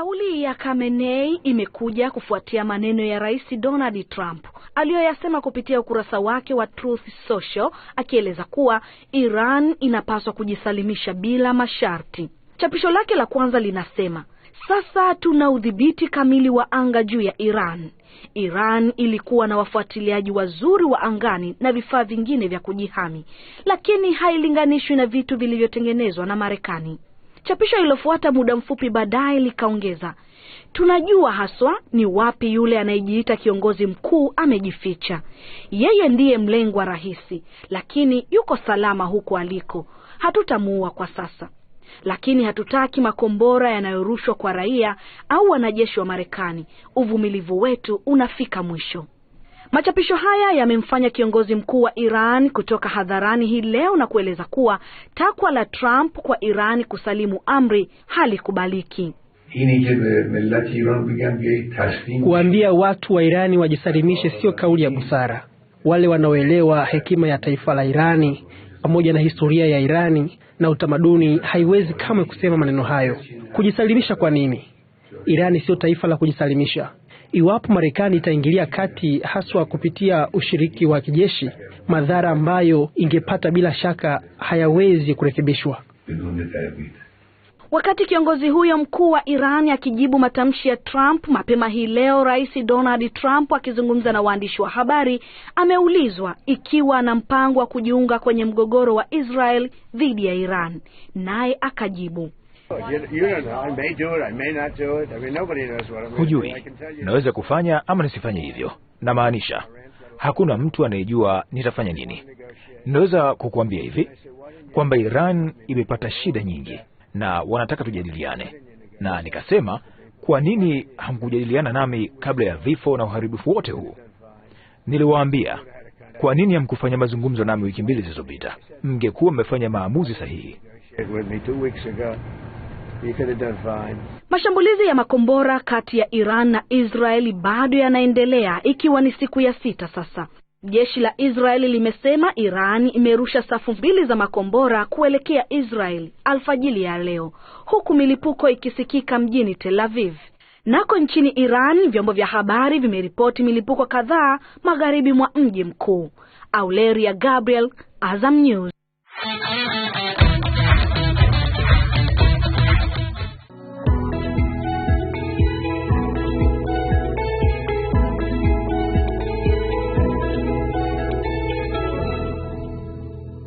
Kauli ya Kamenei imekuja kufuatia maneno ya Rais Donald Trump aliyoyasema kupitia ukurasa wake wa Truth Social akieleza kuwa Iran inapaswa kujisalimisha bila masharti. Chapisho lake la kwanza linasema, sasa tuna udhibiti kamili wa anga juu ya Iran. Iran ilikuwa na wafuatiliaji wazuri wa angani na vifaa vingine vya kujihami, lakini hailinganishwi na vitu vilivyotengenezwa na Marekani. Chapisho lilofuata muda mfupi baadaye likaongeza, tunajua haswa ni wapi yule anayejiita kiongozi mkuu amejificha. Yeye ndiye mlengwa rahisi, lakini yuko salama huko aliko. Hatutamuua kwa sasa, lakini hatutaki makombora yanayorushwa kwa raia au wanajeshi wa Marekani. Uvumilivu wetu unafika mwisho. Machapisho haya yamemfanya kiongozi mkuu wa Iran kutoka hadharani hii leo na kueleza kuwa takwa la Trump kwa Iran kusalimu amri halikubaliki. Kuwaambia watu wa Irani wajisalimishe sio kauli ya busara. Wale wanaoelewa hekima ya taifa la Irani pamoja na historia ya Irani na utamaduni haiwezi kamwe kusema maneno hayo. Kujisalimisha kwa nini? Irani sio taifa la kujisalimisha iwapo Marekani itaingilia kati, haswa kupitia ushiriki wa kijeshi, madhara ambayo ingepata bila shaka hayawezi kurekebishwa. Wakati kiongozi huyo mkuu wa Iran akijibu matamshi ya Trump mapema hii leo, Rais Donald Trump akizungumza na waandishi wa habari ameulizwa ikiwa ana mpango wa kujiunga kwenye mgogoro wa Israel dhidi ya Iran, naye akajibu Hujui naweza kufanya ama nisifanye hivyo, na maanisha hakuna mtu anayejua nitafanya nini. Naweza kukuambia hivi kwamba Iran imepata shida nyingi na wanataka tujadiliane, na nikasema kwa nini hamkujadiliana nami kabla ya vifo na uharibifu wote huu? Niliwaambia, kwa nini hamkufanya mazungumzo nami wiki mbili zilizopita? Mngekuwa mmefanya maamuzi sahihi. Mashambulizi ya makombora kati ya Iran na Israeli bado yanaendelea ikiwa ni siku ya sita sasa. Jeshi la Israeli limesema Iran imerusha safu mbili za makombora kuelekea Israeli alfajili ya leo, huku milipuko ikisikika mjini Tel Aviv. Nako nchini Iran, vyombo vya habari vimeripoti milipuko kadhaa magharibi mwa mji mkuu. Auleria Gabriel, Azam News.